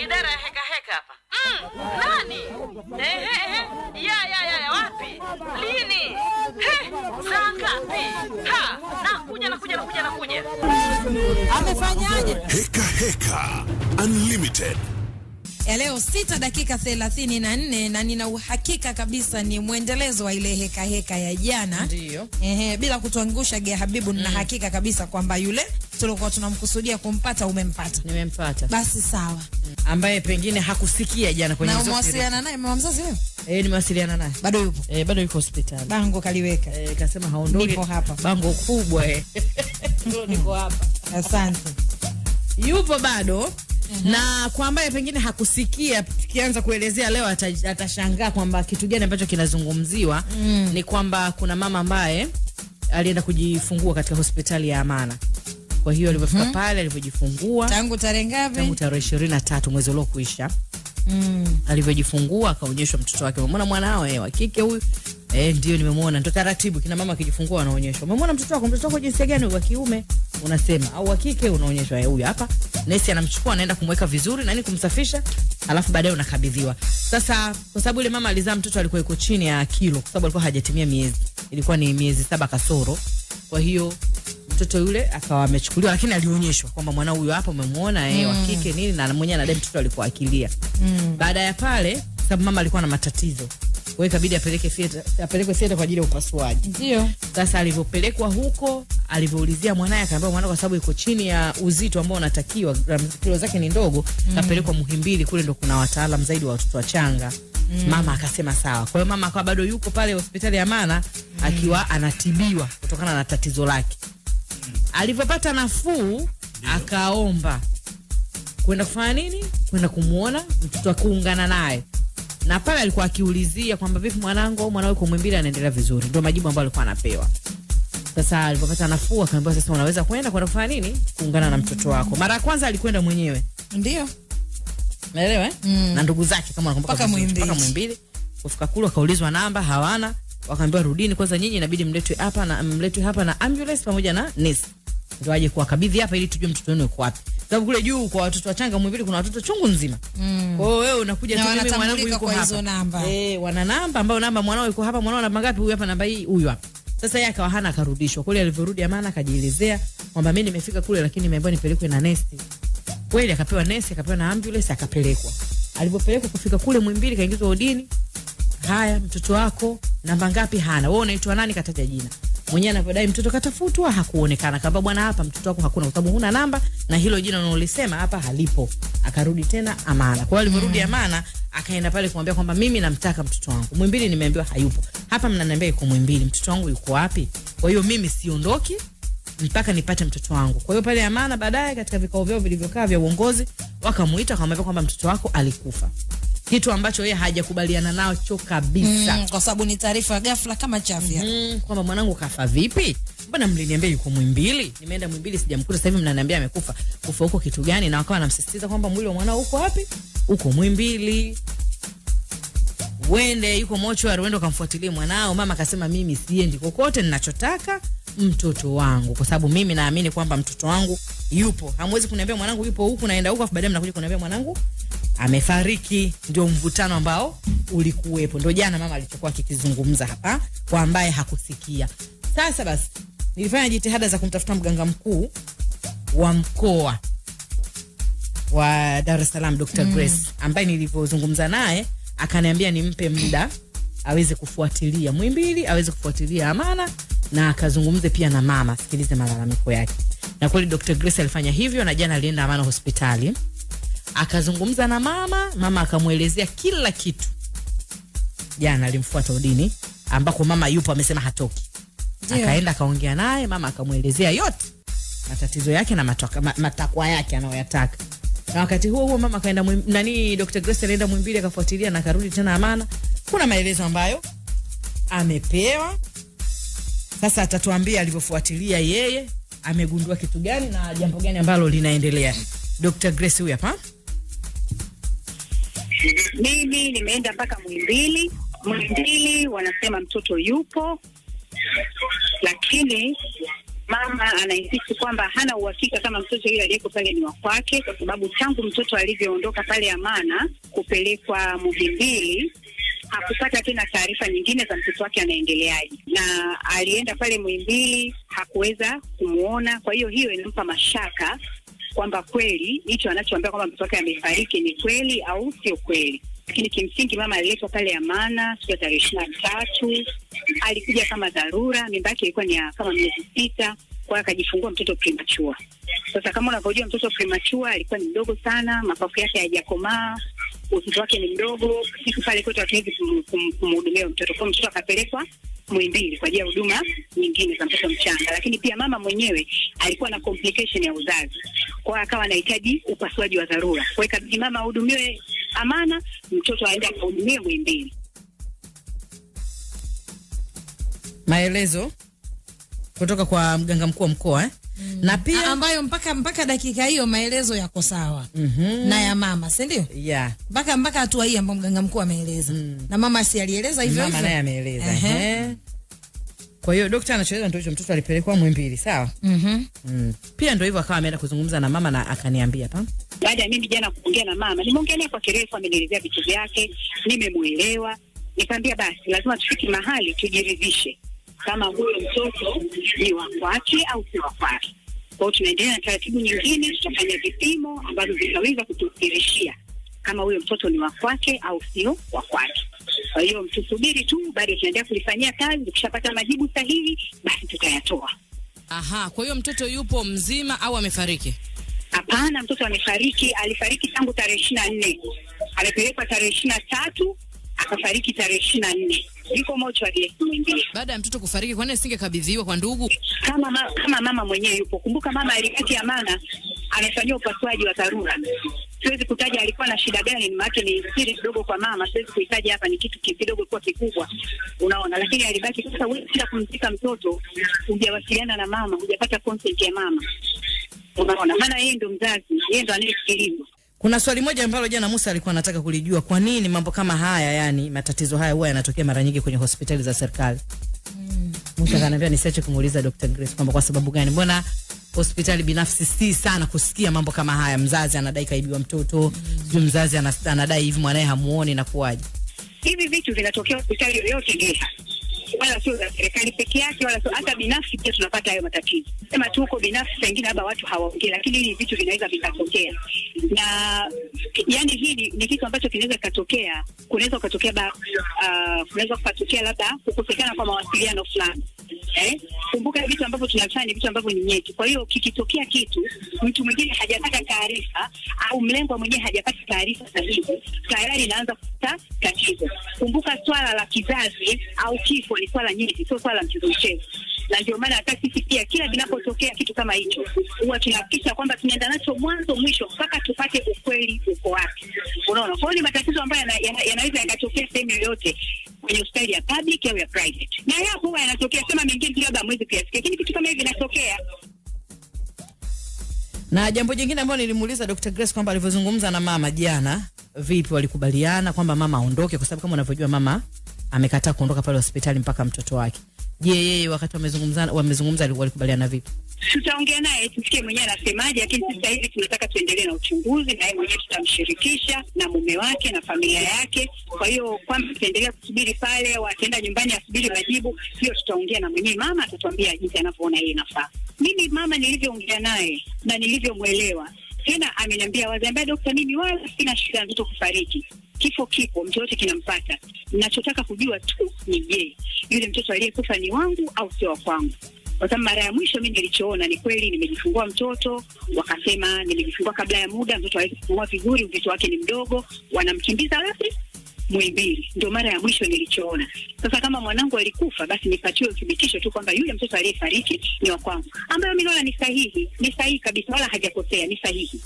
idara ya heka heka hapa. Mm, nani? Eh eh, eh, eh, ya ya ya ya wapi? Lini? He, saa ngapi? Ha, nakuja nakuja nakuja nakuja. Amefanyaje? Heka heka unlimited ya leo sita dakika thelathini na nne na nina uhakika kabisa ni mwendelezo wa ile heka heka ya jana. Ehe, bila kutuangusha ge Habibu mm. na hakika kabisa kwamba yule tulikuwa tunamkusudia kumpata umempata. Nimempata. Basi sawa. Mm. Ambaye pengine hakusikia jana kwenye Na umewasiliana naye mama mzazi leo Eh, nimewasiliana naye. Bado yupo? Eh, bado yuko hospitali. Bango kaliweka. Eh, kasema haondoki. Nipo hapa. Bango kubwa eh. Ndio Niko hapa. Asante. Yupo bado. Mhm. na kwa ambaye pengine hakusikia tukianza kuelezea leo atashangaa kwamba kitu gani ambacho kinazungumziwa mm. ni kwamba kuna mama ambaye alienda kujifungua katika hospitali ya Amana. Kwa hiyo alivyofika mm -hmm. pale alivyojifungua tangu tarehe ngapi? Tangu tarehe ishirini na tatu mwezi uliokuisha mm. alivyojifungua akaonyeshwa mtoto wake. Umemwona eh, wa kike huyu? Eh, ndio nimemwona. Ndio taratibu kina mama akijifungua anaonyeshwa. Umemwona mtoto wako? Mtoto wako jinsi gani? Wa kiume unasema au wa kike unaonyeshwa? Eh, huyu hapa nesi anamchukua anaenda kumweka vizuri nani kumsafisha, alafu baadaye unakabidhiwa. Sasa kwa sababu yule mama alizaa mtoto alikuwa yuko chini ya kilo, kwa sababu alikuwa hajatimia miezi, ilikuwa ni miezi saba kasoro. Kwa hiyo mtoto yule akawa amechukuliwa, lakini alionyeshwa kwamba mwana huyu hapa umemuona eh, mm. wa kike nini, na mwenyewe anadai mtoto alikuwa akilia mm. baada ya pale, sababu mama alikuwa na matatizo hiyo itabidi apeleke theater, apelekwe theater kwa ajili ya upasuaji. Ndio. Sasa alivyopelekwa huko, alivyoulizia mwanae akaambia mwanao kwa sababu iko chini ya uzito ambao unatakiwa, kilo zake ni ndogo, mm. kapelekwa Muhimbili kule ndo kuna wataalamu zaidi wa watoto wachanga. Mm. Mama akasema sawa. Kwa hiyo mama akawa bado yuko pale hospitali ya Mana mm. akiwa anatibiwa kutokana na tatizo lake. mm. Alivyopata nafuu akaomba kwenda kufanya nini? Kwenda kumwona mtoto, akuungana naye mm na pale alikuwa akiulizia kwamba vipi mwanangu au mwanao yuko Muhimbili anaendelea vizuri, ndio majibu ambayo alikuwa anapewa. Sasa alipopata nafuu akaambiwa sasa unaweza kwenda kwa kufanya nini, kuungana na mtoto wako. Mara ya kwanza alikwenda mwenyewe, ndio naelewa eh? mm. na ndugu zake kama nakumbuka, paka Muhimbili. Kufika kule akaulizwa namba, hawana, wakaambiwa rudini kwanza, nyinyi inabidi mletwe hapa na mletwe hapa na ambulance pamoja na nurse ndio aje kuwakabidhi hapa ili tujue mtoto wenu yuko wapi. Sababu kule juu kwa watoto wachanga mwivili kuna watoto chungu nzima. Mm. Kwa hiyo wewe unakuja tu mimi mwanangu yuko hapa. Namba. Eh, wana namba ambayo namba mwanao yuko hapa, mwanao namba ngapi? Huyu hapa namba hii, huyu hapa. Sasa yeye akawa hana akarudishwa. Kule alivyorudi Amana akajielezea kwamba mimi nimefika kule lakini nimeambiwa nipelekwe na nesti. Kweli akapewa nesti, akapewa na ambulance akapelekwa. Alipopelekwa kufika kule Mwimbili kaingizwa odini. Haya, mtoto wako namba ngapi? Hana. Wewe unaitwa nani? Kataja jina mwenyewe anavyodai mtoto katafutwa, hakuonekana. Kaamba bwana, hapa mtoto wako hakuna, kwa sababu huna namba na hilo jina unalolisema hapa halipo. Akarudi tena Amana. Kwa hiyo alivyorudi mm. Amana akaenda pale kumwambia kwamba mimi namtaka mtoto wangu Mwimbili, nimeambiwa hayupo hapa, mnaniambia yuko Mwimbili, mtoto wangu yuko wapi? Kwa hiyo mimi siondoki mpaka nipate mtoto wangu. Kwa hiyo pale Amana baadaye katika vikao vyao vilivyokaa vya uongozi wakamuita wakamwambia kwamba mtoto wako alikufa kitu ambacho yeye hajakubaliana nacho kabisa, mm, kwa sababu ni taarifa ghafla kama chafya mm, kwamba mwanangu kafa vipi? Mbona mliniambia yuko Mwimbili? Nimeenda Mwimbili sijamkuta, sasa hivi mnaniambia amekufa. Kufa huko kitu gani? Na wakawa namsisitiza kwamba mwili wa mwanao uko wapi? Uko Mwimbili, wende yuko mochwari, uende ukamfuatilie mwanao. Mama akasema mimi siendi kokote, ninachotaka mtoto wangu, kwa sababu mimi naamini kwamba mtoto wangu yupo. Hamwezi kuniambia mwanangu yupo huku, naenda huku, afu baadaye mnakuja kuniambia mwanangu amefariki, ndio mvutano ambao ulikuwepo, ndio jana mama alichokuwa kikizungumza hapa kwa ambaye hakusikia. Sasa basi nilifanya jitihada za kumtafuta mganga mkuu wa mkoa wa Dar es Salaam Dr. Mm. Grace ambaye nilivyozungumza naye akaniambia nimpe muda aweze kufuatilia Mwimbili, aweze kufuatilia Amana na akazungumze pia na mama, sikilize malalamiko yake. Na kweli Dr. Grace alifanya hivyo, na jana alienda Amana hospitali akazungumza na mama, mama akamwelezea kila kitu. Jana alimfuata udini ambako mama yupo, amesema hatoki. Jio. Akaenda akaongea naye, mama akamwelezea yote matatizo yake na matoka, ma, matakwa yake anayoyataka na wakati huo huo mama akaenda nani, Dr. Grace alienda Mwimbili akafuatilia na karudi tena Amana. Kuna maelezo ambayo amepewa sasa, atatuambia alivyofuatilia yeye, amegundua kitu gani na jambo gani ambalo linaendelea. Dr. Grace huyu hapa. Mimi nimeenda mpaka Muhimbili. Muhimbili wanasema mtoto yupo, lakini mama anaisisi kwamba hana uhakika kama mtoto yule aliyeko pale ni wa kwake, kwa sababu tangu mtoto alivyoondoka pale Amana kupelekwa Muhimbili hakupata tena taarifa nyingine za mtoto wake anaendeleaje, na alienda pale Muhimbili hakuweza kumwona. Kwa hiyo hiyo inampa mashaka kwamba kweli hicho anachoambia kwamba mtoto wake amefariki ni kweli au sio kweli. Lakini kimsingi mama aliletwa pale Amana siku ya tarehe ishirini na tatu alikuja kama dharura, mimba yake ilikuwa ni ya kama miezi sita kwa akajifungua mtoto premature. Sasa kama unavyojua mtoto premature alikuwa ni mdogo sana, mapafu yake hayajakomaa, uzito wake ni mdogo, siku pale kwetu hatuwezi kumhudumia mtoto, kwa mtoto akapelekwa Muhimbili kwa ajili ya huduma nyingine za mtoto mchanga, lakini pia mama mwenyewe alikuwa na complication ya uzazi, kwa hiyo akawa anahitaji upasuaji wa dharura. Kwa hiyo kabidi mama ahudumiwe Amana, mtoto aende akahudumiwe Muhimbili. Maelezo kutoka kwa mganga mkuu wa mkoa eh? Mm. na pia ambayo mpaka mpaka dakika hiyo maelezo yako sawa mm -hmm. na ya mama, si ndio? Yeah. Mpaka mpaka hatua hii ambayo mganga mkuu ameeleza mm. na mama si alieleza hivyo hivyo, mama naye ameeleza uh -huh. Kwa hiyo dokta anachoeleza ndio hicho, mtoto alipelekwa Muhimbili, sawa mm -hmm. mm. Pia ndio hivyo, akawa ameenda kuzungumza na mama na akaniambia pa baada ya mimi jana kuongea na mama, nimeongelea kwa kirefu, amenielezea vitu vyake, nimemuelewa. Nikamwambia basi lazima tufike mahali tujiridhishe kama huyo mtoto ni wa kwake au si wa kwake. Kwao tunaendelea na taratibu nyingine, tutafanya vipimo ambavyo vitaweza kututhirishia kama huyo mtoto ni wa kwake au sio wa kwake. Kwa hiyo mtusubiri tu, bado tunaendelea kulifanyia kazi. Tukishapata majibu sahihi, basi tutayatoa. Aha, kwa hiyo mtoto yupo mzima au amefariki? Hapana, mtoto amefariki. Alifariki tangu tarehe ishirini na nne amepelekwa tarehe ishirini na tatu akafariki tarehe ishirini na nne iko mochwari mwingine. Baada ya mtoto kufariki, kwani asingekabidhiwa kwa ndugu kama, ma, kama mama mwenyewe yupo? Kumbuka mama alikati amana, amefanyia upasuaji wa dharura. Siwezi kutaja alikuwa na shida gani, maana ni siri kidogo kwa mama, siwezi kuhitaji hapa, ni kitu kidogo kwa kikubwa, unaona. Lakini alibaki sasa, wewe bila kumzika mtoto hujawasiliana na mama, hujapata consent ya mama, unaona, maana yeye ndo mzazi, yeye ndo anayesikilizwa kuna swali moja ambalo jana Musa alikuwa anataka kulijua, kwa nini mambo kama haya, yani matatizo haya huwa yanatokea mara nyingi kwenye hospitali za serikali? Mm. Musa kaniambia nisiache kumuuliza Dr. Grace kwamba kwa sababu gani, mbona hospitali binafsi si sana kusikia mambo kama haya, mzazi anadai kaibiwa mtoto, sijui mzazi anadai hivi, mwanaye hamuoni, na Hivi vitu vinatokea hospitali yoyote Geita wala sio za serikali peke yake, wala sio hata binafsi pia tunapata hayo matatizo. Sema tu huko binafsi, pengine labda watu hawaongee, lakini hili vitu vinaweza vikatokea, na yani hii ni kitu ambacho kinaweza kikatokea, kunaweza kukatokea uh, kunaweza kukatokea labda kukosekana kwa mawasiliano fulani eh? Kumbuka vitu ambavyo tunafanya ni vitu ambavyo ni nyeti. Kwa hiyo kikitokea kitu mtu mwingine hajapata taarifa au mlengwa mwenyewe hajapata taarifa sahihi, tayari inaanza kupata tatizo. Kumbuka swala la kizazi au kifo ni swala nyeti, sio swala mchezo mchezo na ndio maana hata sisi pia kila kinapotokea kitu kama hicho huwa tunahakikisha kwamba tunaenda nacho mwanzo mwisho mpaka tupate ukweli uko wapi. Unaona, kwa hiyo ni matatizo ambayo yanaweza yakatokea sehemu yoyote kwenye hospitali ya public au ya private, na yapo huwa yanatokea, sema mengine labda mwezi kuyasikia, lakini kitu kama hivi inatokea na jambo jingine ambalo nilimuuliza Dr. Grace kwamba alivyozungumza na mama jana, vipi walikubaliana kwamba mama aondoke, kwa sababu kama unavyojua mama amekataa kuondoka pale hospitali mpaka mtoto wake Je, yeye wakati wamezungumza wamezungumza walikubaliana vipi? Tutaongea naye tusikie mwenyewe anasemaje, lakini sasa hivi tunataka tuendelee na uchunguzi, na yeye mwenyewe tutamshirikisha na mume wake na familia yake. Kwa hiyo kwamba tutaendelea kusubiri pale au nyumbani asubiri majibu, hiyo tutaongea na mwenyewe mama, atatuambia jinsi anavyoona yeye inafaa. Mimi mama nilivyoongea naye na nilivyomwelewa tena, ameniambia wazi, ambaye dokta, mimi wala sina shida ya mtoto kufariki, kifo kipo, mtu yote kinampata, Nachotaka kujua tu ni je, yule mtoto aliyekufa ni wangu au sio wa kwangu? Kwa sababu mara ya mwisho mimi nilichoona ni kweli nimejifungua mtoto, wakasema nimejifungua kabla ya muda, mtoto hawezi vizuri, uzito wake ni mdogo, wanamkimbiza wapi? Muhimbili. Ndio mara ya mwisho nilichoona. Sasa kama mwanangu alikufa, basi nipatiwe uthibitisho tu kwamba yule mtoto aliyefariki ni wa kwangu, ambayo mimi naona ni sahihi, ni sahihi kabisa, wala hajakosea, ni sahihi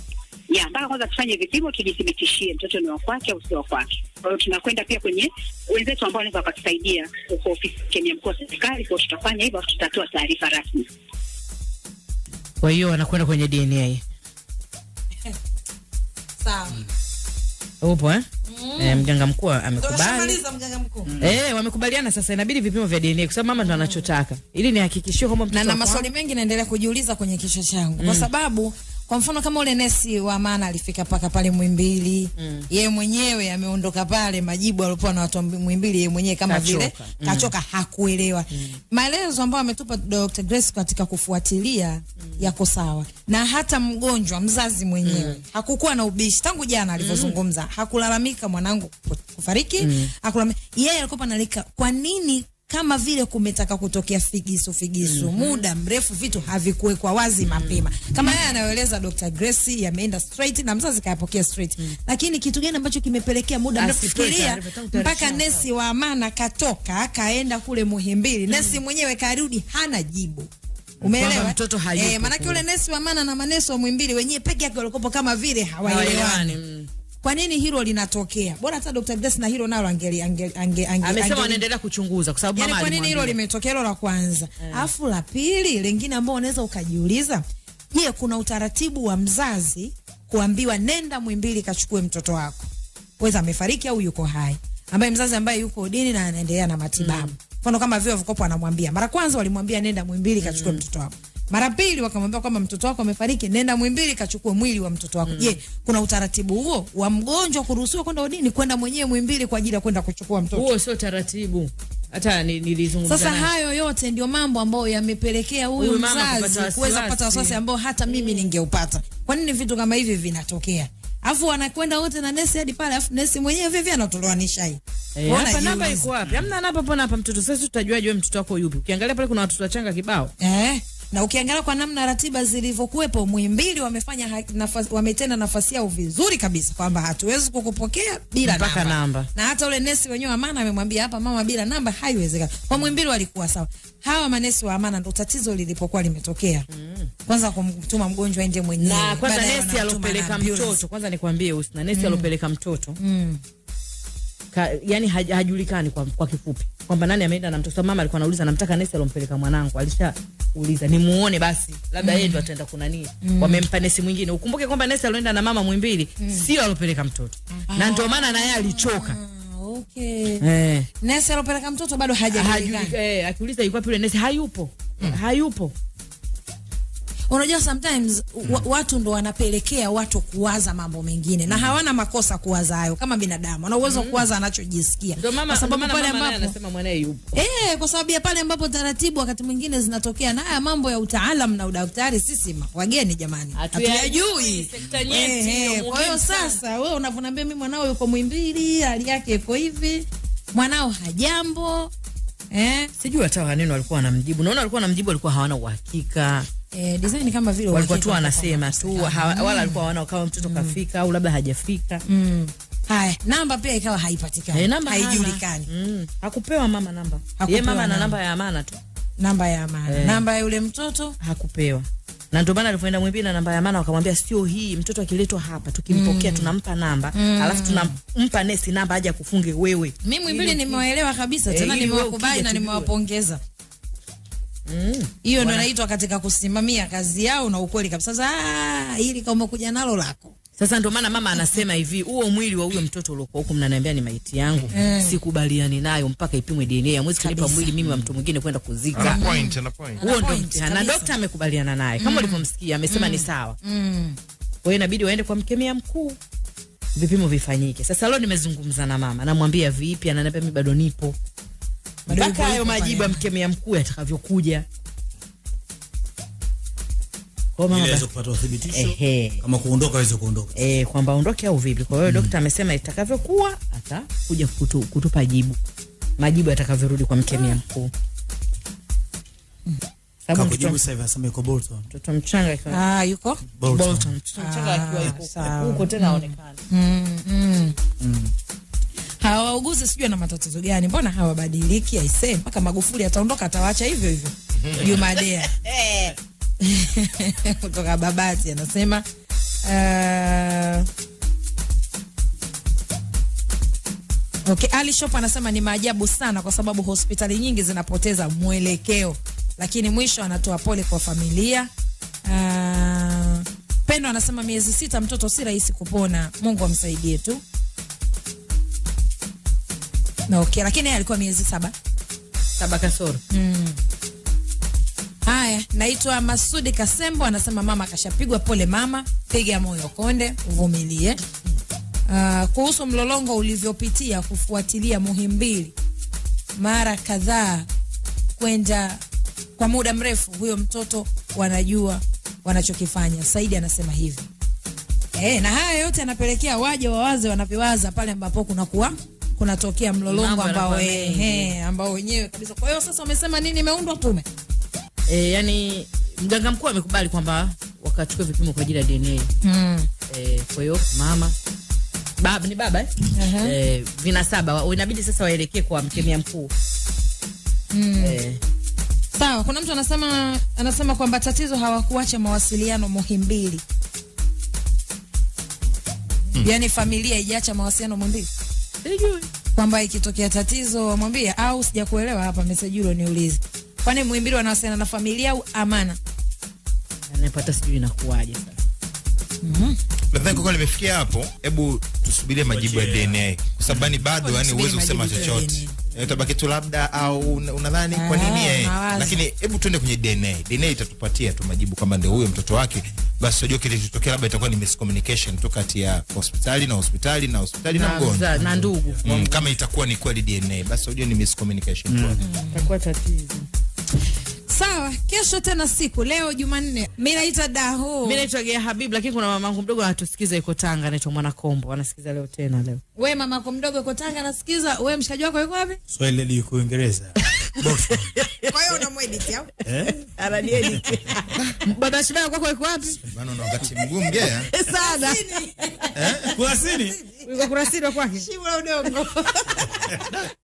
ya mpaka kwanza tufanye vipimo, tujithibitishie mtoto ni wa kwake au sio wa kwake. Kwa hiyo tunakwenda pia kwenye wenzetu ambao wanaweza wakatusaidia huko ofisi Kemia mkuu wa serikali. Kwa tutafanya hivyo, tutatoa taarifa rasmi. Kwa hiyo wanakwenda kwenye DNA. Mm. Upo eh? Mm. E, mganga mkuu amekubali. Mm. Eh, wamekubaliana sasa inabidi vipimo vya DNA kwa sababu mama ndo anachotaka. Ili nihakikishie kwamba na, na maswali mengi naendelea kujiuliza kwenye kichwa changu mm. kwa sababu kwa mfano kama ule nesi wa maana alifika paka pale Mwimbili mm. yeye mwenyewe ameondoka pale, majibu aliyopewa na watu Mwimbili yeye mwenyewe kama kachoka. vile mm. kachoka hakuelewa mm. maelezo ambayo ametupa Dr. Grace katika kufuatilia mm. yako sawa, na hata mgonjwa mzazi mwenyewe mm. hakukuwa na ubishi tangu jana alivyozungumza, mm. hakulalamika mwanangu kufariki mm. hakulalamika yeye, alikuwa analika kwa nini kama vile kumetaka kutokea figisu figisu, mm -hmm. muda mrefu vitu havikuwekwa wazi mm -hmm. mapema, kama haya mm -hmm. anayoeleza Dr. Grace, yameenda straight na mzazi kayapokea straight mm -hmm. lakini kitu gani ambacho kimepelekea muda ah, mrefu? kufikiria mpaka nesi wa Amana katoka kaenda kule Muhimbili mm -hmm. nesi mwenyewe karudi hana jibu Umeelewa? Mtoto hayupo. Eh, manake yule nesi wa Amana na manesi wa Muhimbili wenyewe peke yake walikopo kama vile hawaelewani. Kwa nini hilo linatokea? Bora hata Dr. Grace na hilo nalo angeli angeli ange, ange, amesema anaendelea kuchunguza kwa sababu yaani mama yani, kwa nini hilo limetokea? Hilo la kwanza, eh. Afu la pili lingine ambao unaweza ukajiuliza, je, kuna utaratibu wa mzazi kuambiwa nenda Muhimbili kachukue mtoto wako, weza amefariki au yuko hai, ambaye mzazi ambaye yuko dini na anaendelea na matibabu mm. Mfano kama vile Vikopo anamwambia mara kwanza walimwambia nenda Muhimbili kachukue mm. mtoto wako mara pili wakamwambia kwamba mtoto wako amefariki, nenda Muhimbili kachukue mwili wa mtoto wako. Mm. Je, mm. kuna utaratibu huo wa mgonjwa kuruhusiwa kwenda udini kwenda mwenyewe Muhimbili kwa ajili ya kwenda kuchukua mtoto? Huo sio taratibu. Hata nilizungumza sasa. Hayo yote ndio mambo ambayo yamepelekea huyu mzazi kuweza kupata wasiwasi ambao hata mimi mm. ningeupata. Kwa nini vitu kama hivi vinatokea? Afu wanakwenda wote na nesi hadi pale, afu nesi mwenyewe vivyo anatoloanisha hii. Hey, eh, hapa namba iko wapi? Hamna namba pona hapa mtoto. Sasa tutajua wewe mtoto wako yupi? Ukiangalia pale kuna watoto wachanga kibao. Eh na ukiangalia kwa namna ratiba zilivyokuwepo, Muhimbili wamefanya nafasi, wametenda nafasi yao vizuri kabisa kwamba hatuwezi kukupokea bila namba. namba. Na hata ule nesi wenyewe Amana amemwambia hapa, mama, bila namba haiwezekani. Kwa Muhimbili walikuwa sawa. Hawa manesi wa Amana ndo tatizo lilipokuwa limetokea. Mm. Kwanza kumtuma mgonjwa aende mwenyewe. Na kwanza nesi alopeleka mtoto, kwanza nikwambie Husna, nesi mm. alopeleka mtoto mm ka, yani haj, hajulikani kwa, kwa kifupi kwamba nani ameenda na mtoto. Mama alikuwa anauliza namtaka nesi alompeleka mwanangu, alishauliza nimuone basi labda mm. ndo ataenda nini mm. wamempa nesi mwingine. Ukumbuke kwamba nesi alioenda na mama Mwimbili mm. sio alopeleka mtoto mm. na ndio maana naye alichoka mm. Okay. Eh. Nesi alopeleka mtoto bado hajajulikana. Eh, akiuliza yuko yule nesi hayupo. Mm. Hayupo. Unajua sometimes mm. watu ndo wanapelekea watu kuwaza mambo mengine mm. na hmm. hawana makosa kuwaza hayo kama binadamu. Ana uwezo mm. kuwaza anachojisikia. Kwa sababu pale ambapo anasema mwanae yupo. Eh, kwa sababu ya pale ambapo taratibu wakati mwingine zinatokea na haya mambo ya utaalamu na udaktari sisi wageni jamani. hatujui sekta Hatuyajui. Kwa hiyo sasa wewe unavunambia mimi mwanao yuko Muhimbili, hali yake iko hivi. Mwanao hajambo. Eh? Sijui hata neno alikuwa anamjibu. Naona alikuwa anamjibu alikuwa hawana uhakika. Eh, design kama vile walikuwa tu wanasema tu wala alikuwa wana kama mtoto mm. kafika au labda hajafika. Mm. Haya, namba pia ikawa haipatikani. Eh, namba haijulikani. Mm. Hakupewa mama namba. Yeye mama ana namba ya amana tu. Namba ya amana. Eh. Namba ya yule mtoto hakupewa. Na ndio maana alipoenda Mwimbili na namba ya Amana wakamwambia sio hii, mtoto akiletwa hapa tukimpokea mm. tunampa namba mm. alafu tunampa nesi namba aje kufunge wewe. Mimi Mwimbili nimewaelewa kabisa, tena eh, nimewakubali na nimewapongeza hiyo mm. ndo naitwa katika kusimamia kazi yao na ukweli kabisa. Sasa ah, hili kama umekuja nalo lako sasa ndio maana mama anasema hivi, huo mwili wa huyo mtoto uliokuwa huko mnaniambia ni maiti yangu mm. sikubaliani nayo mpaka ipimwe DNA. Hamwezi kunipa mwili mimi wa mtu mwingine kwenda kuzika. point, point. Huo ndio mtihani, na daktari amekubaliana naye kama mm. ulivyomsikia, amesema mm. ni sawa. mm. Kwa hiyo inabidi waende kwa mkemia mkuu vipimo vifanyike. Sasa leo nimezungumza na mama, namwambia vipi, ananiambia mimi bado nipo mpaka hayo majibu ya mkemia mkuu yatakavyokuja. Eh, kwamba ondoke au vipi? Kwa hiyo mm. Dokta amesema itakavyokuwa atakuja kutu, kutupa jibu, majibu yatakavyorudi kwa mkemia mkuu. Mm. Mtoto mchanga akiwa ah, ah, huko tena aonekana mm, hawauguzi sijui na matatizo gani, mbona hawabadiliki? Aisee, mpaka Magufuli ataondoka atawaacha hivyo hivyo. Jumadea kutoka Babati anasema uh, Okay, Ali Shop anasema ni maajabu sana kwa sababu hospitali nyingi zinapoteza mwelekeo, lakini mwisho anatoa pole kwa familia. Uh, Pendo anasema miezi sita mtoto si rahisi kupona, Mungu amsaidie tu okay, lakini yeye alikuwa miezi saba saba kasoro mm. Haya, naitwa Masudi Kasembo anasema mama kashapigwa, pole mama, piga moyo konde, uvumilie. Mm. Uh, kuhusu mlolongo ulivyopitia kufuatilia Muhimbili mara kadhaa kwenda kwa muda mrefu, huyo mtoto wanajua wanachokifanya. Saidi anasema hivi. E, na haya yote anapelekea waje wawaze wanavyowaza pale ambapo kunakuwa kunatokea mlolongo ambao ambao wenyewe kabisa. Kwa hiyo sasa wamesema nini, imeundwa tume eh, yani mganga mkuu amekubali kwamba wakachukua vipimo kwa ajili ya DNA mm. eh, kwa hiyo mama baba ni baba eh? uh-huh. eh, saba inabidi sasa waelekee kwa mkemia mkuu mm. eh, Sawa, kuna mtu anasema anasema kwamba tatizo hawakuacha mawasiliano Muhimbili. Mm. Yaani familia haijaacha mawasiliano Muhimbili sijui kwamba ikitokea tatizo wamwambie, au sijakuelewa hapa message hilo niulize. Kwani Muhimbili wanawasiliana na familia au Amana? Anapata sijui inakuwaje sasa. Mhm. Nadhani kwa limefikia hapo, hebu tusubirie majibu ya DNA kwa sababu bado yani uwezo kusema chochote. Eh, tabaki tu labda, au unadhani kwa nini yeye, eh? Lakini hebu tuende kwenye DNA. DNA itatupatia tu majibu kama ndio huyo mtoto wake, basi unajua kilichotokea labda itakuwa ni miscommunication tu kati ya hospitali na hospitali na hospitali na mgonjwa na mm. ndugu. Mm, kama itakuwa ni kweli DNA, basi unajua ni miscommunication tu, mm. itakuwa tatizo. Sawa, kesho tena siku. Leo Jumanne. Mimi naitwa Daho. Mimi naitwa Gea Habib, lakini kuna mamangu mdogo anatusikiza yuko Tanga, anaitwa Mwanakombo, anasikiza leo tena leo. Wewe mamako mdogo yuko Tanga anasikiza, wewe mshikaji wako yuko wapi? Swahili yuko Uingereza. Kwa hiyo au? Eh? Ah, Baba yuko wapi? Bana una wakati mgumu Gea. Sana. Eh? Yuko kwake. udongo.